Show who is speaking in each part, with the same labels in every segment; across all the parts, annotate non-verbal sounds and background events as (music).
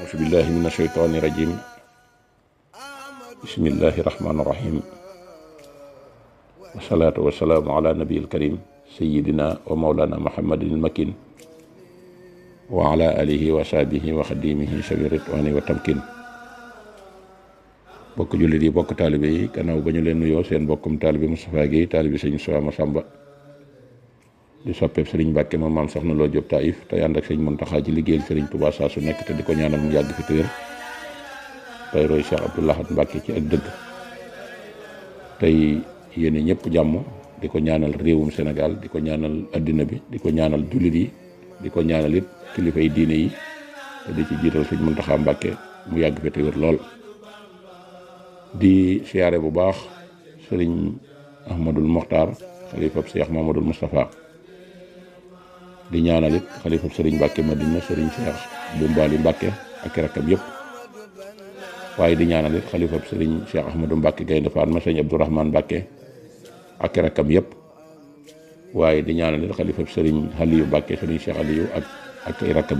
Speaker 1: auzu billahi min asheytaani rajim bismillahi rahmaani rahim wasalaatu wasalaamu ala nabiil karim sayidina wa maulana muhammadin makin wa ala alihi wa sahbihi wa xadimihi sabi ritwaani wa tamkin bokk jullit yi bokk taalibe yi gannaaw ba ñu leen nuyoo seen bokkum taalibe Moustapha Guèye taalibe sëñ Sowaa Masamba di soppee Serigne Mbacke moom maam soxna loo Diop Taïf tey ànd ak sëñ Mountakha ci liggéeyal Serigne Touba saa su nekk te di ko ñaanal mu yàgg fi téer tey roy Cheikh ci ak dëgg ñëpp jàmm di ko ñaanal réewum Sénégal di ko ñaanal addina bi di ko ñaanal jullit yi di ko ñaanal it kilifa yi diine yi te di ci jiital sëñ Mountakha Mbacke mu yàgg fi téer lool di siyaare bu baax Serigne Ahmadul Mokhtar xalifab Cheikh Mamadul Moustapha di ñaanal it xalifa sëriñ Mbàkke Madina sëriñ Cheikh bu Mbaali di ñaanal it xalifa sëriñ Cheikh Ahmadou Mbàkke Gaynde Fatma sëriñ Abdourahmane Mbàkke ak rakkam yëpp waaye di ñaanal it xalifa sëriñ Aliyu Mbàkke sëriñ Cheikh Aliyu ak ak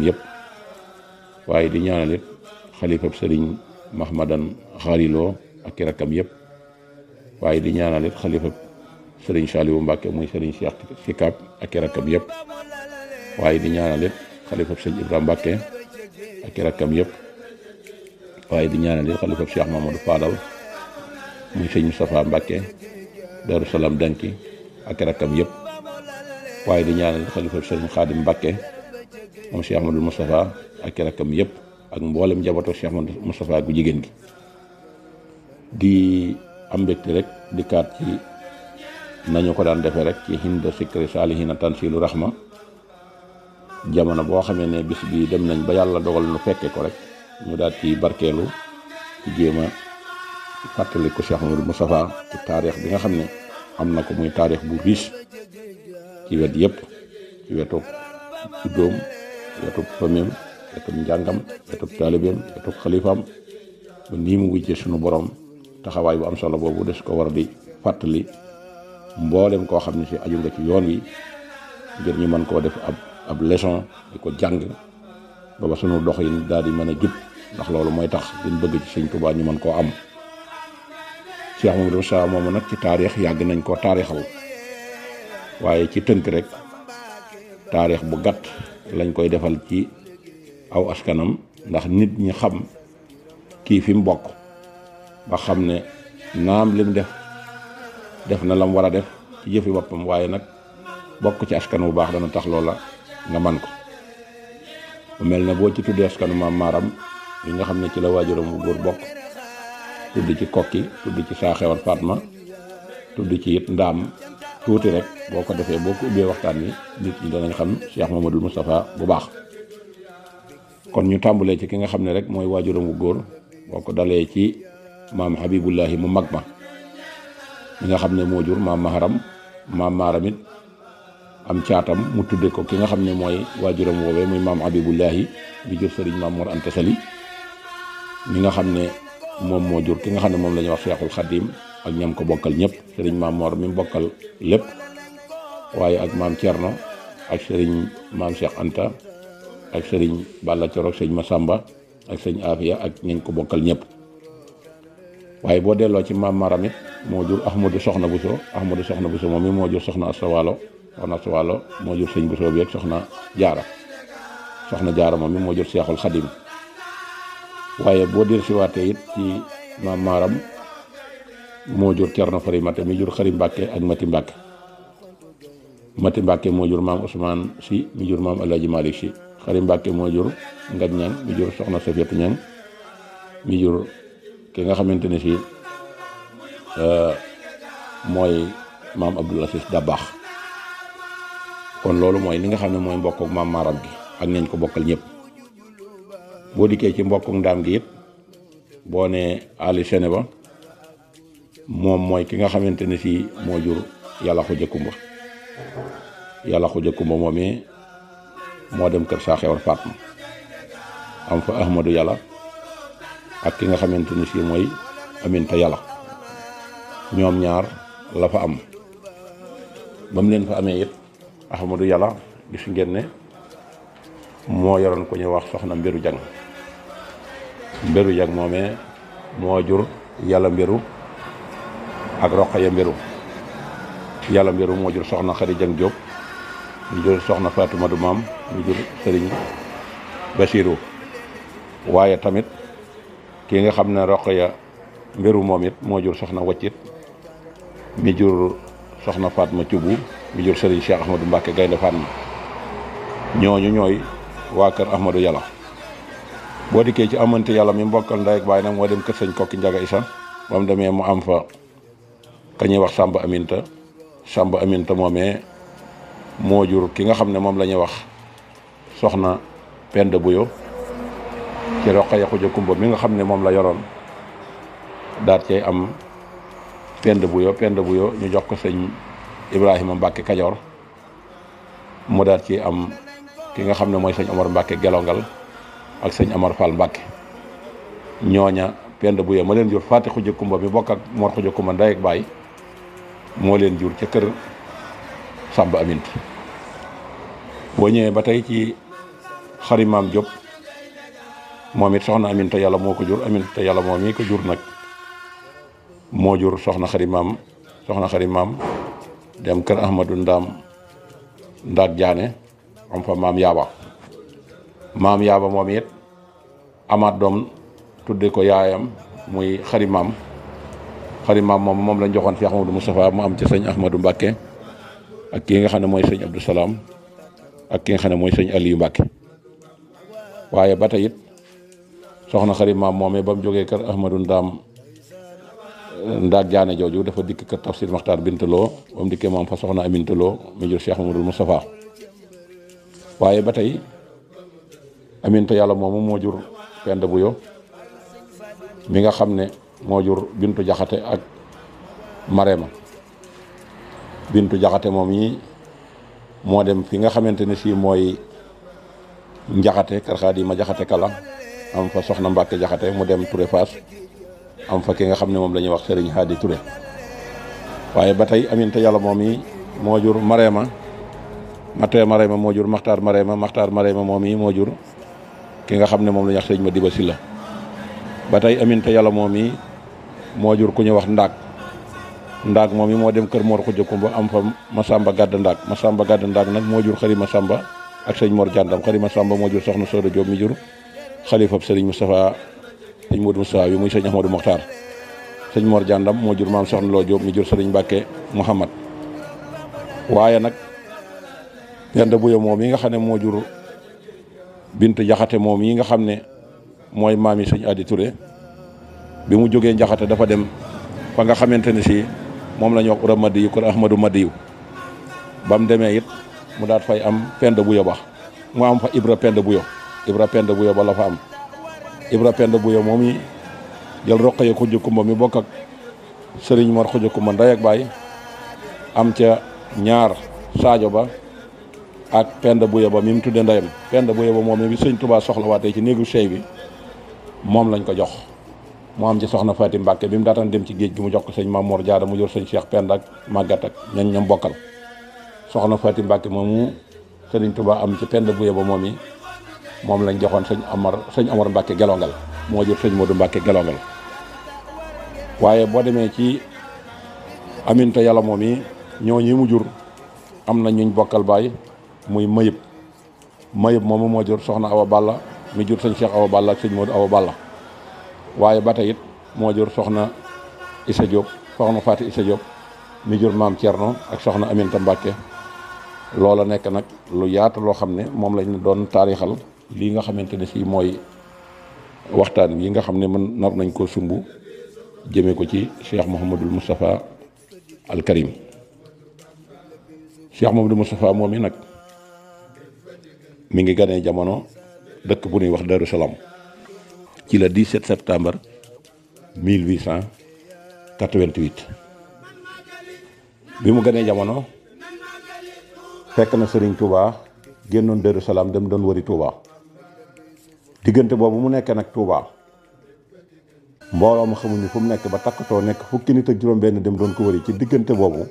Speaker 1: di ñaanal it xalifa sëriñ Mahmadan Xariloo waaye di ñaanal it xalifa sëriñ Saliou Mbàkke muy sëriñ Cheikh Sikap ak i rakkam waaye di ñaanal it xalifab sëñ Ibrahima Mbàkke ak i rakkam yëpp waaye di ñaanal it xalifab Cheikh Mamadou Fadal muy sëñ Moustapha Danki ak i rakkam waaye di ñaanal it xalifab sëñ Xaadim Mbàkke moom Cheikh Amadou Moustapha ak i rakkam yëpp ak mboolem njabootu Cheikh Amadou Moustapha bu jigéen gi di am mbégte rek di kaat ci nañu ko daan defee rek ci Hinde Sikri Salihina Tansilu Rahma jamono boo xamee ne bis bi dem nañ ba yàlla dogal nu fekke ko rek ñu daal ci barkeelu ci jéem a fàttali ko Cheikh Amadou Moustapha ci taarix bi nga xam ne am na ko muy taarix bu riche ci wet yëpp ci wetu juddoom wetu famem wetu njàngam wetu taalibeem wetu xalifaam ba nii mu wujje sunu borom taxawaay bu am solo boobu des ko war di fàttali mboolem koo xam ne si aju nga ci yoon wi ngir ñu mën koo def ab ab leçon di ko jàng booba sunu dox yi daal di mën a jub ndax loolu mooy tax liñ bëgg ci sëñ Tuubaa ñu mën koo am Cheikh Mamadou Sa moomu nag ci taarix yàgg nañ koo taarixal waaye ci tënk rek taarix bu gàtt lañ koy defal ci aw askanam ndax nit ñi xam kii fi mu bokk ba xam ne naam lim def def na lam war a def ci jëfi boppam waaye nag bokk ci askan bu baax dana tax loola nga man ko mu mel ne boo ci tuddee askanu maam maaram yi nga xam ne ci la waajuram bu góor bokk tudd ci kokki tudd ci saaxewar Fatma tudd ci it ndaam tuuti rek boo ko defee boo ko ubbee waxtaan wi nit ñi danañ xam Cheikh Mamadou Moustapha bu baax kon ñu tàmbalee ci ki nga xam ne rek mooy waajuram mu góor boo ko dalee ci maam Habibullahi mu mag ma mi nga xam ne moo jur maam maharam maam maaram am caatam mu tuddee ko ki nga xam ne mooy waajuram woowee muy maam Abibullahi bi jur sëriñ maam Mor Anta Sali mi nga xam ne moom moo jur ki nga xam ne moom la ñuy wax Seexul Xaddiim ak ñam ko bokkal ñëpp sëriñ maam Mor mi bokkal lépp waaye ak maam Thierno ak sëriñ maam Cheikh Anta ak sëriñ Balla Coro sëñ Masamba ak sëñ Afia ak ñañ ko bokkal ñëpp waaye boo delloo ci maam ma it moo jur ax Ahmadou Soxna Bousso Ahmadou Soxna Bousso moom mi moo jur Soxna Asta Waalo soxna Suwaalo moo jur sëñ Bousso bi soxna jaara soxna jaara moom mi moo jur seexul xadim waaye boo dir siwaatee it ci maam maaram moo jur Cerno Fari Mate mi jur Xari Mbàkke ak Mati Mbàkke Mati moo jur maam Ousmane si mi jur maam Alaaji Malick si Xari Mbàkke moo jur Ngaj Ñang mi jur soxna Safiyatu Ñang mi jur ki nga xamante ne si euh, mooy maam Abdoul da baax kon loolu mooy li nga xam ne mooy mbokku maam maaram gi ak nañ ko bokkal ñépp boo dikkee ci mbokku ndaam gi it boo ne Ali Sene ba moom mooy ki nga xamante ne si moo yàlla xuja kumba yàlla xuja kumba moomee moo dem kër saa xewar Fatma am ak ki nga xamante ne si mooy Aminta yàlla ñoom ñaar la fa am ba leen fa amee it Ahmadou Yàlla gis ngeen ne moo yoroon ku ñuy wax soxna mbiru jang mbiru jang moomee moo jur yàlla mberu ak roqaya mbiru yàlla mbiru moo jur soxna xari jang Diop ñu jur soxna Faatumatu maam ñu jur sëriñ Basiru waaye tamit ki nga xam na roqaya mbiru moom moo jur soxna waccit mi jur soxna Fatma Cubu mi jur sëriñ Cheikh Ahmadou Mbacke Gaynde Fatma ñooñu ñooy waa kër Ahmadou Yàlla boo dikkee ci amante yàlla mi mbokkal ndey ak baay nag moo dem kër sëñ kokki njaga isa ba demee mu am fa ka ñuy wax Samba Aminta Samba Aminta moomee moo jur ki nga xam ne moom lañuy wax soxna Penda Buyo ci roqa yaxu ja kumba mi nga xam ne moom la yoroon daat cay am Penda Buyo Penda Buyo ñu jox ko sëñ Ibrahima Mbacke Kajoor moo daal ci am ki nga xam ne mooy sëñ Omar Mbacke Gelongal ak sëñ Omar Fall Mbacke ñooña pend bu yee ma leen jur fàtte xuj kumba mi bokk ak Mor xuj kumba ndey baay moo leen jur ca kër Samba Amint boo ñëwee ba tey ci xari maam Diop moom it soxna Aminta yàlla moo ko jur Aminta yàlla moom mii jur nag moo jur soxna xari maam soxna dem kër Ahmadou Ndaam Ndaat Jaane am fa maam yaaba maam yaaba moom it amaat doom tudde ko yaayam muy xari maam xari maam moom moom lañ joxoon fi Ahmadou Moustapha mu am ci sëñ Ahmadou Mbàkke ak ki nga xam ne mooy sëñ Abdou Salaam ak ki nga ne mooy sëñ Aliou Mbàkke ba tey it soxna xari maam moomee ba mu jógee kër Ahmadou Ndaam ndaat jaane jooju dafa dikk kër tafsir maxtaar bintaloo moom dikkee moom fa soxna amintaloo mu jur Cheikh Mamadou Moustapha waaye ba tey aminta yàlla moomu moo jur pend bu yo mi nga xam ne moo jur bintu jaxate ak marema bintu jaxate moom yi moo dem fi nga xamante ne si mooy jaxate njaxate kër xaadima jaxate kala am fa soxna mbàkke jaxate mu dem Touré am fa ki nga xam ne moom la ñuy wax Serigne Hadi Touré waaye ba tey aminte yàlla moom yi moo jur Marema Matee Marema moo jur Maxtaar Marema Maxtaar Marema moom yi moo jur ki nga xam ne moom la ñuy wax Serigne Madiba Sylla ba tey aminte yàlla moom yi moo jur ku ñu wax Ndaak Ndaak moom yi moo dem kër Mor Khoudia Kumba am fa gàdda Gadda Ndaak Masamba Gadda Ndaak nag moo jur ma Masamba ak sëñ Mor Jàndam xëri Masamba moo jur soxna Sooda Joob mi jur xalifab Serigne Moustapha sëñ Modou Moustapha bi muy sëñ Ahmadou Mokhtar sëñ Mor Jàndam moo jur maam Soxna Lo Diop mi jur sëriñ Mbàkke Mouhamad waaye nag yanda buyo moom yi nga xam ne moo jur bint jaxate moom yi nga xam ne mooy maam yi sëñ Adi Touré bi mu jógee njaxate dafa dem fa nga xamante ne si moom la ñu wax ura madiyu kon ahmadou madiyu ba mu demee it mu daat fay am pend bu yo ba mu am fa ibra pend bu yo ibra pend bu yo ba fa am Ibra Penda Buya moom yi jël Roqaya Xujja Kumba mi bokk Sëriñ Mor Xujja Kumba ndey ak baay am ca ñaar saajo Ba ak Penda Buya Ba mi mu tuddee ndeyam Penda Buya Ba moom bi sëñ Touba soxlawaatee ci néegu sey bi moom lañ ko jox mu am ci soxna Fatim Mbàkke bi mu daataan dem ci géej gi mu jox ko sëñ Mamoor Jaara mu jor sëñ Cheikh Penda ak Magat ak ñan bokkal soxna Fatim Mbàkke moomu Sëriñ Touba am ci Penda Buya Ba moom yi moom lañ joxoon sëñ Amar sëñ Amar Mbacke gelongal moo jur sëñ Modou Mbacke gelongal waaye boo demee ci aminta yàlla moom yi ñoo ñi mu jur am na ñuñ bokkal baay muy mayëb mayëb moomu moo jur soxna Awa Balla mu jur sëñ Cheikh Awa Balla ak sëñ Modou Awa Balla waaye ba tey moo jur soxna Issa Diop soxna Faati Issa Diop mu jur maam Thierno ak soxna Aminta Mbacke loola nekk nag lu yaatu loo xam ne moom lañ doon taarixal lii nga xamante ne si mooy waxtaan yi nga xam ne man nar nañ koo sumb jëmee ko ci Cheikh Mouhamadul Moustapha al Karim Cheikh Mouhamadul Moustapha moom mi nag mi ngi ganee jamono dëkk bu ñuy wax Darou Salaam ci la 17 septembre 1888 bi mu ganee jamono fekk na Serigne Touba génnoon Darou Salaam dem doon wëri Touba. diggante boobu mu nekkee nag Touba mbooloo mu xamuñu fu mu nekk ba takkatoo nekk fukki nit ak juróom-benn dem doon ko wëri ci diggante boobu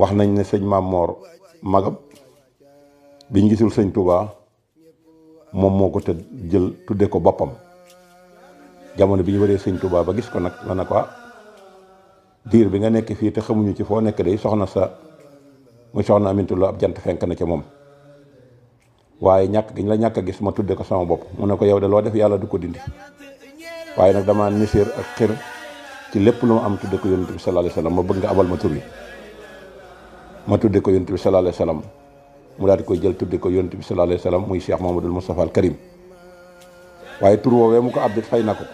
Speaker 1: wax nañ ne sëñ Maam Moor magam biñ gisul sëñ Touba moom moo ko tëdd jël tudde ko boppam jamono bi ñu waree sëñ Touba ba gis ko nag la na ko ah, diir bi nga nekk fii te xamuñu ci foo nekk day soxna sa muy soxna Amintu ab jant fenk na ci moom waaye ñàkk gi ñu la ñàkk a gis ma tudde ko sama bopp mu ne ko yow de loo def yàlla du ko dindi waaye nag dama nisir ak xir ci lépp lu ma am tudde ko yonent bi sallallahu alayhi wasallam ma bëgg nga abal ma tur bi ma tudde ko yonent bi sallallahu alayhi wasallam mu daal di koy jël tudde ko yonent bi sallallahu alayhi wasallam muy Cheikh Mamadou Moustapha al Karim waaye tur we mu ko abdit fay na ko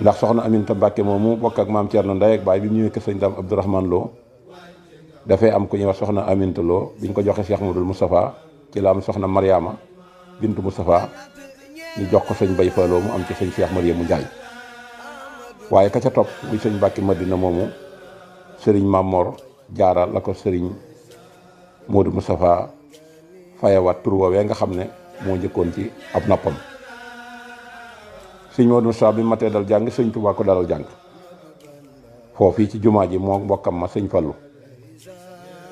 Speaker 1: ndax soxna Aminta Mbàkke moomu bokk ak maam Thierno Ndeye ak Baye bi mu ñëwee kër sëñ Dame Abdourahmane Lo dafay am ku ñuy wax soxna Aminta Lo ko joxe Cheikh Mamadou Moustapha ci la soxna Mariama bintu Moustapha ñu jox ko sëñ Bay Faaloo mu am ci sëñ Cheikh Mariamu Njaay waaye ka ca topp muy sëñ Mbàkke Madina moomu sëriñ Mamor Jaara la ko sëriñ Modou Moustapha fayawaat tur xam ne moo njëkkoon ci ab noppam sëñ Modou Moustapha bi matee dal jàng sëñ Tuubaa ko dalal jàng foofu ci jumaa ji moo mbokkam ma sëñ Fallu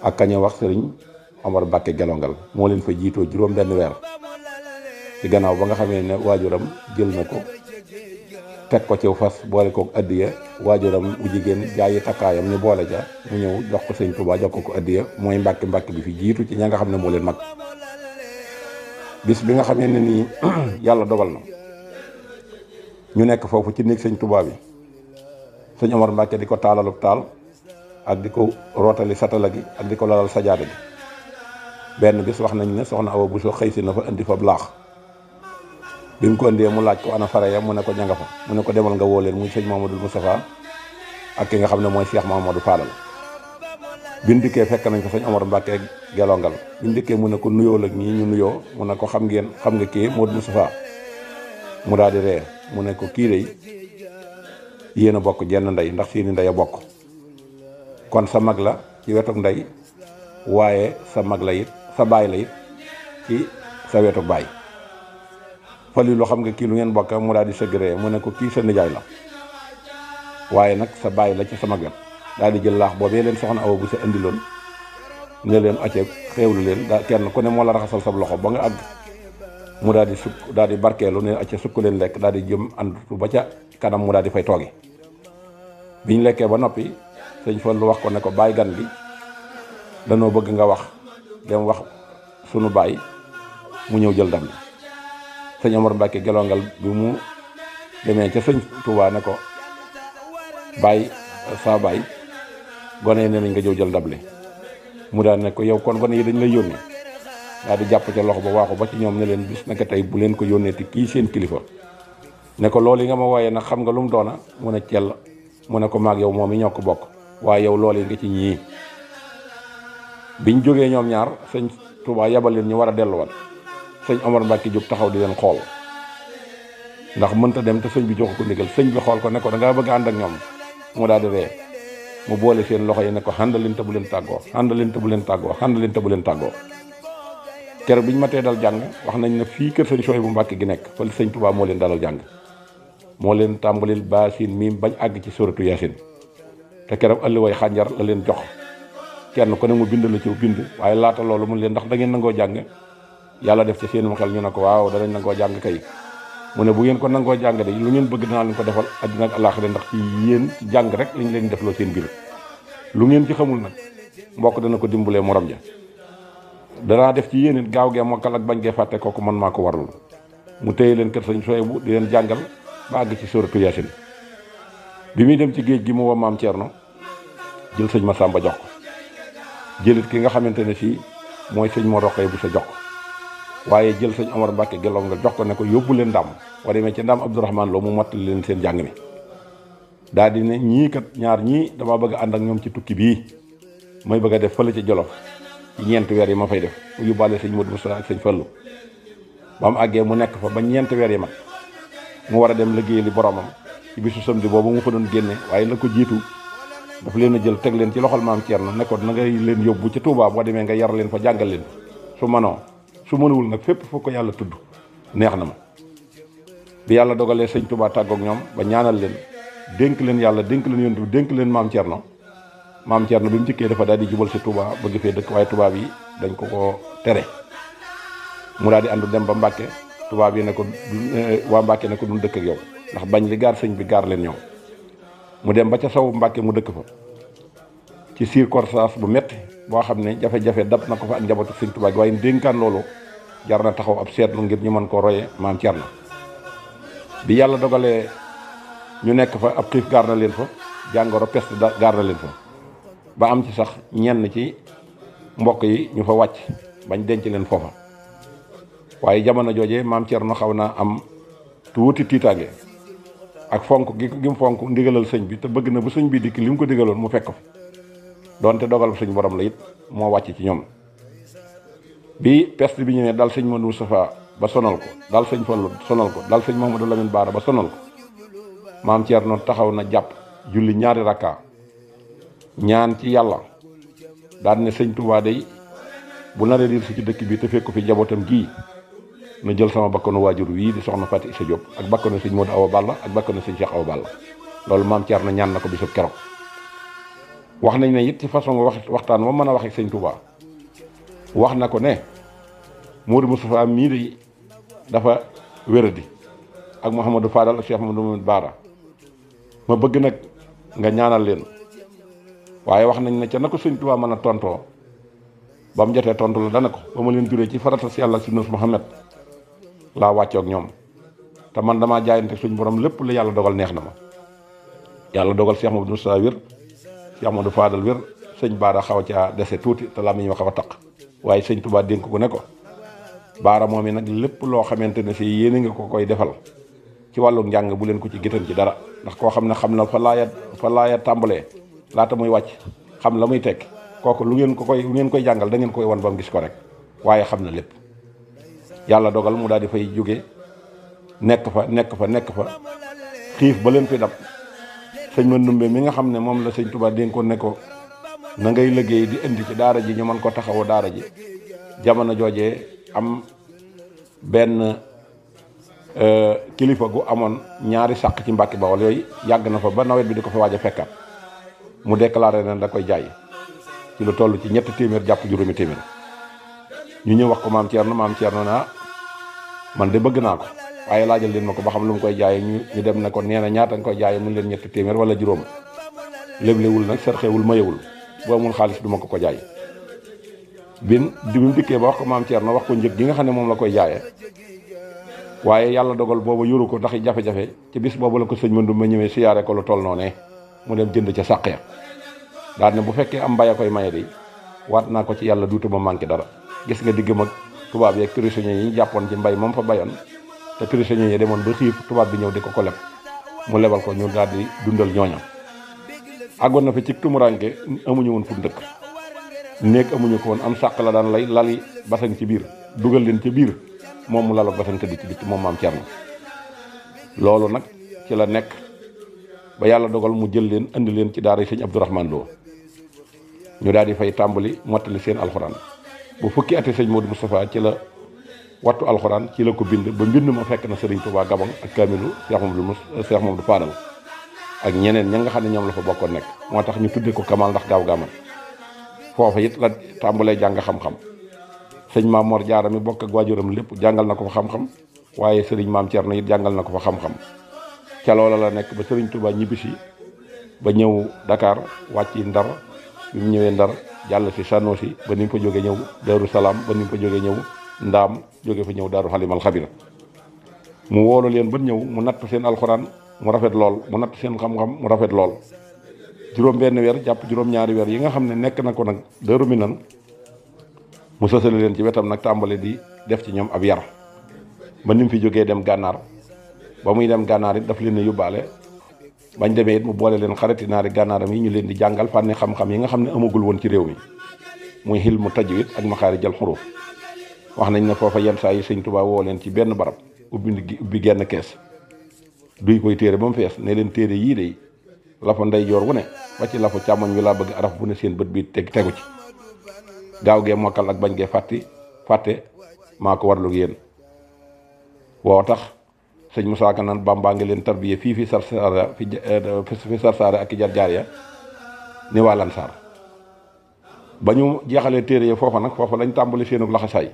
Speaker 1: ak kañe wax sëriñ Omar Mbacke Gelongal moo leen fa jiitoo juróom benn weer ci gannaaw ba nga xamee ne waajuram jël na ko teg ko ci fas boole kook addiya waajuram bu jigéen jaayi takkaayam ñu boole ca mu ñëw jox ko sëñ Touba jox ko ko addiya mooy Mbacke Mbacke bi fi jiitu ci ña nga xam ne moo leen mag bi nga xamee ne nii (clears throat) yàlla dogal na ñu nekk foofu ci néeg sëñ Touba bi sëñ Omar Mbacke di ko taalalub taal ak di ko rootali satala gi ak di ko lalal sajaada gi benn bis wax nañ ne soxna Awa Bousso xëy si na fa indi fa laax bi mu ko indee mu laaj ko ana fara ya mu ne ko ña fa mu ne ko demal nga woo leen moom sëñ Mamadou Moustapha ak ki nga xam ne mooy Cheikh Mamadou Fadal bi mu dikkee fekk nañ ko sëñ Omar Mbacke gelongal bi mu dikkee mu ne ko nuyoo la ñii ñu nuyoo mu ne ko xam ngeen xam nga kii Modou Moustapha mu daal di ree mu ne ko kii day yéen bokk jenn ndey ndax seeni ndey a bokk kon sa mag la ci wetuk ndey sa mag la it sa baay la ci sa wetu baay fali lu xam nga kii lu ngeen bokk mu daal di sëggree mu ne ko kii sa nijaay la waaye nag sa baay la ci sama gat daal di jël laax boobee leen soxna awa bu sa indiloon ne leen acce xéewlu leen daa kenn ku ne moo la raxasal sab loxo ba nga àgg mu daal di sukk daal di barkeelu ne acce sukk leen lekk daal di jëm àndu ba ca kanam mu daal di fay bi ñu lekkee ba noppi sëñ lu wax ko ne ko bàyyi gan bi danoo bëgg nga wax dem wax sunu baay mu ñëw jël ndam li sëñ Omar Mbacke gelongal bi mu demee ca sëñ Touba ne ko baay saa baay gone yi nee nañ nga jëw jël ndam li mu daan ne ko yow kon gone yi dañ lay yónnee daal di jàpp ca loxo ba waaxu ba ci ñoom ne leen bis naka tey bu leen ko yónnee te kii seen kilifa ne ko loolu yi nga ma wooyee na xam nga lu mu doona mu ne cell mu ne ko maag yow moom i ñoo bokk waaye yow loolu yi nga ci ñii bi ñu jógee ñoom ñaar sëñ Touba yabal leen ñu war a delluwaat sëñ Omar Mbacke jóg taxaw di leen xool ndax mënta dem te sëñ bi jox ko ndigal sëñ bi xool ko ne ko da ngaa bëgg ànd ak ñoom moo daal di mu boole seen loxo yi ne ko xàndalinte bu leen tàggoo xàndalinte bu leen tàggoo xàndalinte bu leen tàggoo kere biñ matee dal jàng wax nañ ne fii kër sëñ sooy bu Mbacke gi nekk fële sëñ Touba moo leen dalal jàng moo leen tàmbalil baasin miim bañ àgg ci suratu yaasin te keroog ëlluway xànjar la leen jox kenn ko ne mu bind la ci bind waaye laata loolu mun leen ndax da ngeen nangoo jàng yàlla def ci seenum xel ñu ne ko waaw danañ nangoo jàng kay mu ne bu ngeen ko nangoo jàng de lu ngeen bëgg danaa leen ko defal àddina ak àllaaxira ndax ci yéen ci jàng rek liñ leen def defloo seen biir lu ngeen ci xamul nag mbokk dana ko dimbalee morom ja danaa def ci yéen gaaw gee moo ak bañ gee fàtte kooku man maa ko warul mu téye leen kër sañ sooy bu di leen jàngal ba àgg ci suratu Yaasin bi muy dem ci géej gi mu maam Thierno jël sëñ Massamba jox ko jëlit ki nga xamante ne sii mooy sëñ moo roqee bu sa jox waaye jël sëñ Omar Mbàkke geloog nga jox ko ne ko yóbbu leen ndam boo demee ci ndam Abdourahman Lo mu mottali leen seen jàng mi daal di ne ñii kat ñaar ñii damaa bëgg a ànd ak ñoom ci tukki bii mooy bëgg def fële ci Jolof ci ñeenti weer yi ma fay def mu yóbbaale sëñ Modou Moussa ak sëñ Fallou ba mu àggee mu nekk fa ba ñeenti weer yi mag mu war a dem liggéey li boromam ci bisu samedi boobu mu fa doon génne waaye la ko jiitu daf leen a jël teg leen ci loxol maam Thierno ne ko na ngay leen yóbbu ci Touba boo demee nga yar leen fa jàngal leen su manoo su mënewul nag fépp foo ko yàlla tudd neex na ma bi yàlla dogalee sëñ Touba tàggook ñoom ba ñaanal leen dénk leen yàlla dénk leen yontu dénk leen maam Thierno maam Thierno bi mu njëkkee dafa daal di jubal si Touba bëgg fee dëkk waaye tubaab yi dañ ko ko tere mu daal di àndu dem ba Mbàkke tubaab yi ne ko eh, waa ne ko duñ dëkk yow ndax bañ li gaar sëñ bi gaar leen ñoom mu dem ba ca sawu Mbàkke mu dëkk fa ci siir corsaas bu metti boo xam ne jafe-jafe dab na ko fa ak njabootu Sëñ Tuubaa gi waaye ndénkaan loolu jar na taxaw ab seetlu ngir ñu mën koo roye maam Cerno bi yàlla dogalee ñu nekk fa ab xiif gaar na leen fa jàngoro peste gaar na leen fa ba am ci sax ñenn ci mbokk yi ñu fa wàcc bañ denc leen foofa waaye jamono jooje maam na xaw naa am tuuti tiitaange ak fonk gi gi mu fonk ndigalal sëñ bi te bëgg na bu sëñ bii dikk lim ko digaloon mu fekk ko doonte dogal suñ borom la it moo wàcc ci ñoom bi peste bi ñu ne dal sëñ Modou Moustapha ba sonal ko dal sëñ Fallu sonal ko dal sëñ Mamadou Lamine Baara ba sonal ko maam Thierno taxaw na jàpp julli ñaari rakka ñaan ci yàlla daan ne sëñ Touba day bu naree dir si ci dëkk bi te fekk fi jabootam gii ma jël sama bakkanu waajur wii di soxna Fatou Issa Diop ak bakkanu sëñ Modou Awa Balla ak bakkanu sëñ Cheikh Awa Balla loolu maam na ñaan na ko bi bisub keroog wax nañ ne it ci façon wax waxtaan moom mën a wax ak sëñ wax na ko ne su Moustapha mii di dafa wéradi ak Mouhamadou Fadal ak Cheikh Mamadou Baara ma bëgg nag nga ñaanal leen waaye wax nañ ne ca na ko sëñ Touba mën a tontoo ba mu jotee tontu la dana ko ba ma leen juree ci faratas yàlla ak sunnas Muhammad laa wàccoog ñoom te man damaa jaayante suñ borom lépp lu yàlla dogal neex na ma yàlla dogal Cheikh Mamadou Moussa wér Cheikh Mamadou Fadal wér sëñ Baara xaw caa dese tuuti te làmmiñ ma xaw a taq waaye sëñ tubaat dénk ko ne ko Baara moom yi nag lépp loo xamante ne si yéene nga ko koy defal ci wàllu njàng bu leen ko ci gëtan ci dara ndax koo xam ne xam na fa laaya fa laaya tàmbalee laata muy wàcc xam la muy tekk kooku lu ngeen ko koy lu ngeen koy jàngal da ngeen koy wan ba mu gis ko rek waaye xam na lépp yàlla dogal mu daal di fay jóge nekk fa nekk fa nekk fa xiif ba leen fi dab sëñ ma ndumbe mi nga xam ne moom la sëñ Tuubaa dénk ko ko na ngay liggéey di indi ci daara ji ñu mën ko taxawu daara ji jamono joojee am benn e, kilifa gu amoon ñaari sàq ci Mbàkke Bawol yooyu yàgg na fa ba nawet bi di ko fa waaj a fekkaat mu déclaré nen da koy jaay ci lu toll ci ñetti téeméer jàpp juróomi téeméer ñu ñëw wax ko maam Thierno maam Thierno naa man de bëgg naa ko waaye laajal leen ma ko ba xam lu ma koy jaayee ñu ñu dem na ko nee na ñaata nga koy jaayee mun leen ñetti téeméer wala juróom léblewul nag serxewul mayewul bu amul xaalis du ma ko ko jaay bin bi mu dikkee ba wax ko maam Thierno wax ko njëg gi nga xam ne moom la koy jaayee waaye yàlla dogal boobu yoru ko ndax jafe-jafe ci bis boobu la ko sëñ Mandoumbe ma ñëwee siyaare ko lu toll noonee mu dem jënd ca sàq ya daal bu fekkee am mbay a koy maye naa ko ci yàlla duutuma manqué dara gis nga diggam ak tubaab yeeg prisonniers yi jàppoon ci mbay moom fa bayoon te prisonniers yi demoon ba xiif tubaab bi ñëw di ko ko lef mu lebal ko ñu daal di dundal ñooñam àggoon na fi ci tumuranke amuñu woon fu dëkk néeg amuñu ko woon am sàq la daan lay lali basan ci biir dugal leen ci biir moom mu lal ak basan tëdd ci bitti moom maam Cerno loolu nag ci la nekk ba yàlla dogal mu jël leen indi leen ci daara sëñ Abdourahmane Lo ñu daal di fay tàmbali mottali seen alxuraan bu fukki ati sëñ moo Modou Moustapha ci la wattu alxuraan ci la ko bind ba mbind ma fekk na Serigne Touba Gabon ak Kamilu Cheikh Mamadou Mous Cheikh Mamadou Fadal ak ñeneen ña nga xam ne ñoom la fa bokkoon nekk moo tax ñu tuddee ko Kamal ndax gaaw gaaman foofa it la tàmbalee jàng xam-xam sëñ maam Mor Jaara mi bokk ak waajuram lépp jàngal na ko fa xam-xam waaye sëriñ maam na it jàngal na ko fa xam-xam ca loola la nekk ba Serigne Touba ñibbisi ba ñëw Dakar wàcci Ndar bi mu jàll si Sanosi ba ni mu fa jógee ñëw Darou Salaam ba ni mu fa jógee ñëw Ndaam jóge fa ñëw Darou Halimal Xabira mu woolu leen ba ñëw mu natt seen alxuraan mu rafet lool mu natt seen xam-xam mu rafet lool. juróom benn weer jàpp juróom ñaari weer yi nga xam ne nekk na ko nag Darou Minane mu sësale leen ci wetam nag tàmbale di def ci ñoom ab yar ba ni fi jógee dem gànnaar ba muy dem gànnaar it daf leen a yóbbaale. bañ demee it mu boole leen xariti naari gànnaaram yi ñu leen di jàngal ani xam-xam yi nga xam ne amagul woon ci réew mi muy xil mu tajwid ak maxaari jal xuruf wax nañ ne foofa yenn saa yi sëñ Tuubaa woo leen ci benn barab ubbi ubbi genn kees duy koy téere ba mu fees ne leen téere yii de lafa ndeyjoor wu ne ba ci lafa càmmoñ wi laa bëgg araf bu ne seen bët bi teg tegu ci gaaw gee mokkal ak bañ gee fàtti fàtte maa ko warlu yéen woo tax sëñ Moussa Ka naan baa ngi leen tarbiye fii fi Sarsara eh, fi Sarsara ak i jaar-jaar ya ni waa Lansar ba ñu jeexalee téere yi foofa nag foofa lañ tàmbali seenug laxasaay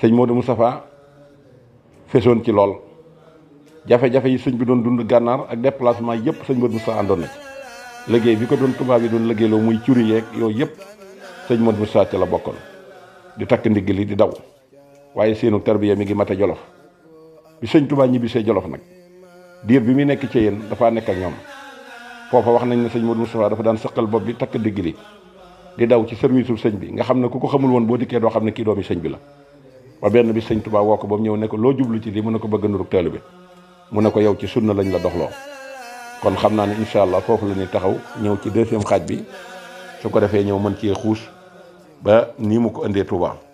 Speaker 1: sëñ Modou Moustapha fesoon ci lool jafe-jafe yi sëñ bi doon dund gànnaar ak déplacement yëpp sëñ Modou Moustapha àndoon na bi ko doon tubaab yi doon liggéeyloo muy curi yeeg yooyu yëpp sëñ Modou Moustapha ci la bokkoon di takk ndigg li di daw waaye seenu tarbiya mi ngi mate Jolof bi sëñ Touba ñibbisee Jolof nag diir bi muy nekk ci yéen dafaa nekk ak ñoom foofa wax nañ ne sëñ Modou Moustapha dafa daan sëqal bopp bi takk digg li di daw ci service sëñ bi nga xam ne ku ko xamul woon boo dikkee doo xam ne kii doomi sëñ bi la ba benn bi sëñ Touba woo ko ba mu ñëw ne ko loo jublu ci lii mu ne ko bëgg nuru teelu bi mu ne ko yow ci sunna lañ la doxloo kon xam naa ne incha allah foofu la ñuy taxaw ñëw ci deuxième xaaj bi su ko defee ñëw mën cee xuus ba nii mu ko indee Touba